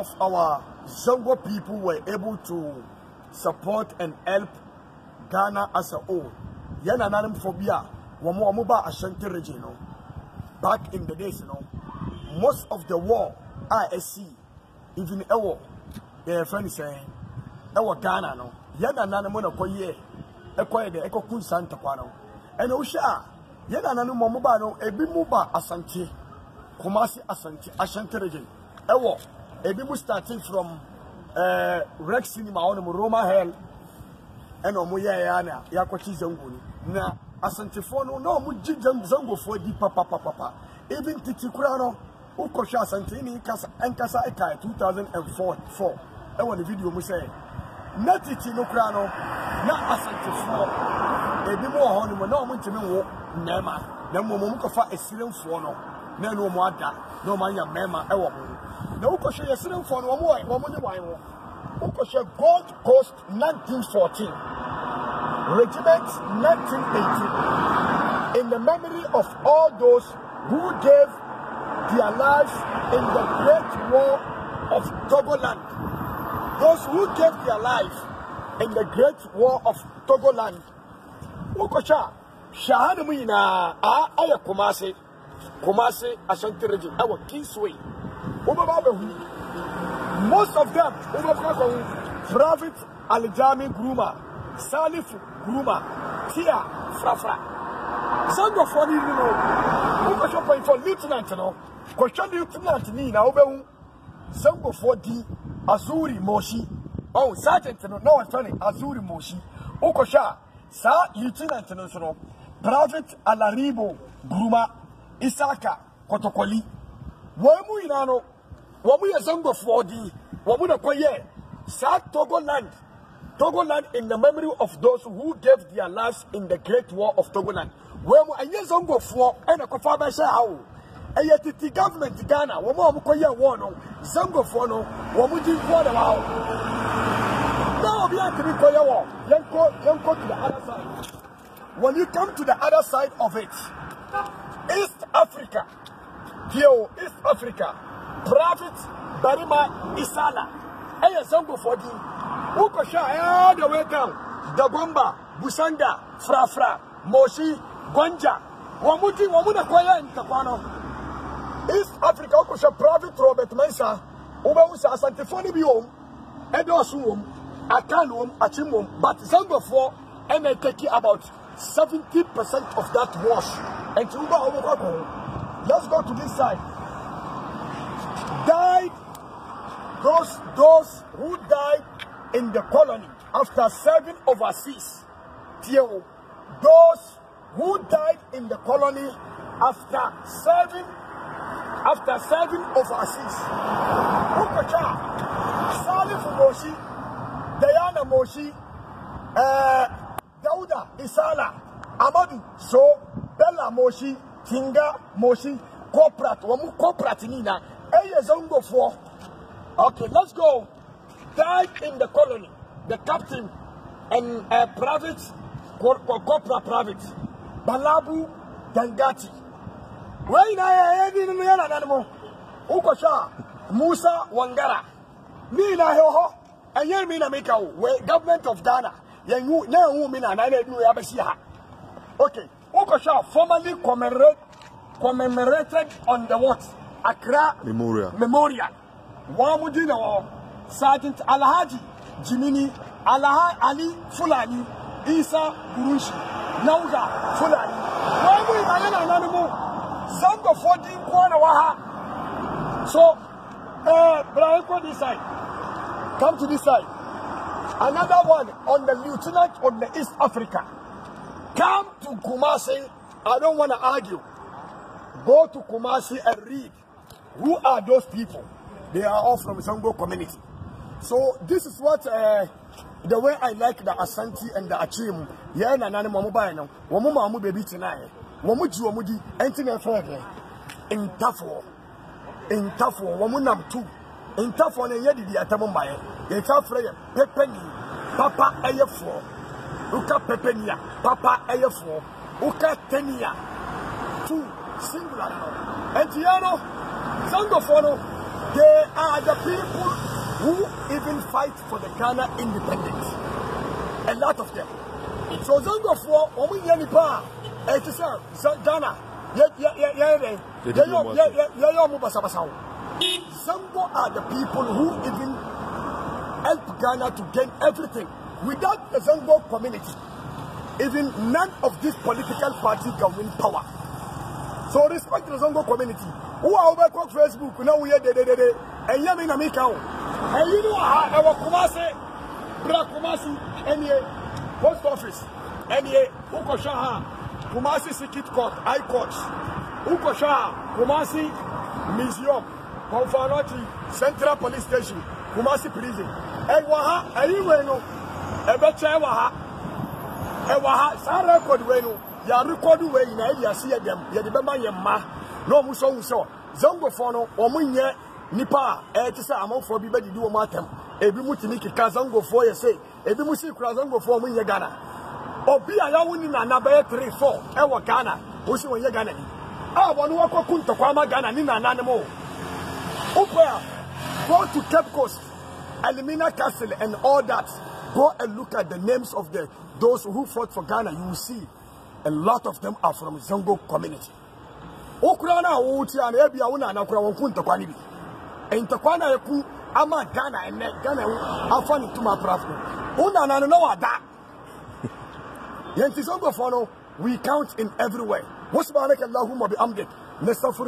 of our Zongo people were able to support and help Ghana as a whole. Yen nanim phobia, wamo amuba Ashanti region, you know. Back in the days, you know, most of the war I see, even ewo, their eh, friend saying, ewo Ghana, no. Yana nanim na koye, ekoye de, eko kun santa kwano. And Osha, yana nanim mamuba no, ebi muba Asante, Kumasi Asante, Ashanti region, ewo ebi mu starting from uh, rex cinema wɔn mu roma hell ɛna wɔn yɛ ɛyɛ ana yakɔkye zango no na asantefoɔ no na wɔn gye zangofoɔ di papapapapa even titi koraa no wokɔhwɛ asante ne nkasa nkasa ɛkae 2004 ɛwɔ ne video mu sɛ na titi no koraa no na asantefoɔ ebi mu wɔ hɔ no mu na wɔn ntumi wo mmarima na mmom wɔn kɔfa esirenfoɔ no na ɛna wɔn ada na wɔn anya mmarima ɛwɔ ho. na wokɔhwɛ yɛsere mfoɔ no wɔn wɔn gold coast 1914 regiment 1918 in the memory of all those who gave their lives in the great war of togoland those who gave their lives in the great war of togoland wokɔhwɛ a hwɛ ha Kumasi, Ashanti region, our Kingsway. Most of them, private Alijami Gruma, Salif Gruma, Tia Frafra. Some your phone, you know. Who should pay for lieutenant, you know? Question lieutenant, Nina, Obehu, Sango for d Azuri Moshi. Oh, sergeant, no, no, it's funny, Azuri Moshi. Okosha, Sir, lieutenant, you know, private Alaribo Gruma isaka kɔtɔkɔli wɔn mu nyinaa no wɔn mu yɛ zangofoɔ di wɔn mu na kɔyɛ saa togo land togo land in the memory of those who gave their lives in the great war of togo land wɔn mu ɛnyɛ zangofoɔ ɛna kɔfa abɛhyɛ ha o ɛyɛ titi government ghana wɔn a wɔn kɔyɛ wɔn no zangofoɔ no wɔn mu di nfoɔ na wɔn awo na obi a tiri kɔyɛ wɔ yɛn kɔ yɛn kɔ to the other side when you come to the other side of it. East Africa deɛ East Africa Prophet Barima Isala ɛyɛ sankofoɔ din wokɔhwɛ all the way down Dagomba Busanga Frafra Moshi Gwanja Wamuti, wamuna din wɔn mo East Africa wokɔhwɛ Prophet Robert Mensa wobɛhu sɛ asantefoɔ no bi wɔm ɛdɔɔso wɔm akan wɔm akyim wɔm but sankofoɔ ɛna ɛtaki about 70% of that wash. And you go Let's go to this side. Died those those who died in the colony after serving overseas. Those who died in the colony after serving after serving overseas. Ukacha, Salif Fumoshi, Diana Moshi, uh, Isala, Amadu, So, Bella Moshi, Tinga Moshi, Corporate, Wamu Corporate Nina, Eyezongo for Okay, let's go. Died in the colony, the captain and a private, corporal private, Balabu Dangati. When I had in an animal, Ukosha, Musa Wangara, Nina Hoho, and Yemina Mikau, government of Ghana. yɛnwu na ɛnwu mi na anan ebi wo yabɛsi ha okay wokɔhwɛ a formally commemorate commemorated on the what accra memorial memorial wɔn mo di na wɔ sergeant alhaji jimini alaha ali fulani isa burunshi nauga fulani wɔn mo yina yɛn anan mu zangofoɔ di nkoa na wɔ ha so ɛɛ uh, eh, brian go this side come to this side. Another one on the lieutenant on the East Africa. Come to Kumasi. I don't want to argue. Go to Kumasi and read. Who are those people? They are all from Zango community. So this is what uh, the way I like the Asante and the Achim. Yeah, na nani mamu ba na. Wamu mamu baby tonight. Wamu ju wamu di. Enti na fere. In tafo. In tafo. Wamu nam tu. In tafo na yedi di atamu mbaye yɛtwa frɛ yɛ pɛpɛni papa ɛyɛ foɔ woka papa ɛyɛ foɔ woka two singular no ɛnti yɛ they are the people who even fight for the Ghana independence a lot of them so zangofoɔ wɔn nyɛ nipa Ghana yɛ are the people who even. help Ghana to gain everything. Without the Zongo community, even none of these political parties can win power. So respect the Zongo community. Who are over on Facebook? Now we are day day day. And you mean Namikao. And you know uh, our Kumase, Bra Kumasi, and ye post office, and ye Ukoshaha, Kumasi Sikit Court, I Court, Ukoshaha, Kumasi Museum, Konfanoti, Central Police Station, Kumasi Prison. ɛwɔ ha ɛyi no ɛbɛkyɛ ɛwɔ ha ɛwɔ ha saa rekɔd wei no yɛarekɔd wei nyinaa ɛde ase yɛ dɛm yɛde bɛma yɛ mma na ɔmo sɔ ɔmo zangofoɔ no ɔmo nyɛ nipa eh, a sɛ amanfoɔ bi bɛdidi wɔn atɛm ebi mu tumi keka zangofoɔ yɛ se ebi mu si kura zangofoɔ ɔmo nyɛ ghana obi a yawo ni nana bɛyɛ tiri four ɛwɔ ghana wɔn nyɛ ghana ni a wɔn ghana ni nana mo a go Alimina Castle and all that. Go and look at the names of the those who fought for Ghana. You will see a lot of them are from Zongo community. Okurana Otian Ebiauna Nakura Kuntakwanibi. And Takwana Yaku Ama Ghana and Ghana Afani to my prophet. Una no that. Yanti Zongo follow, we count in everywhere. What's Barak Allahumma bi Amdik?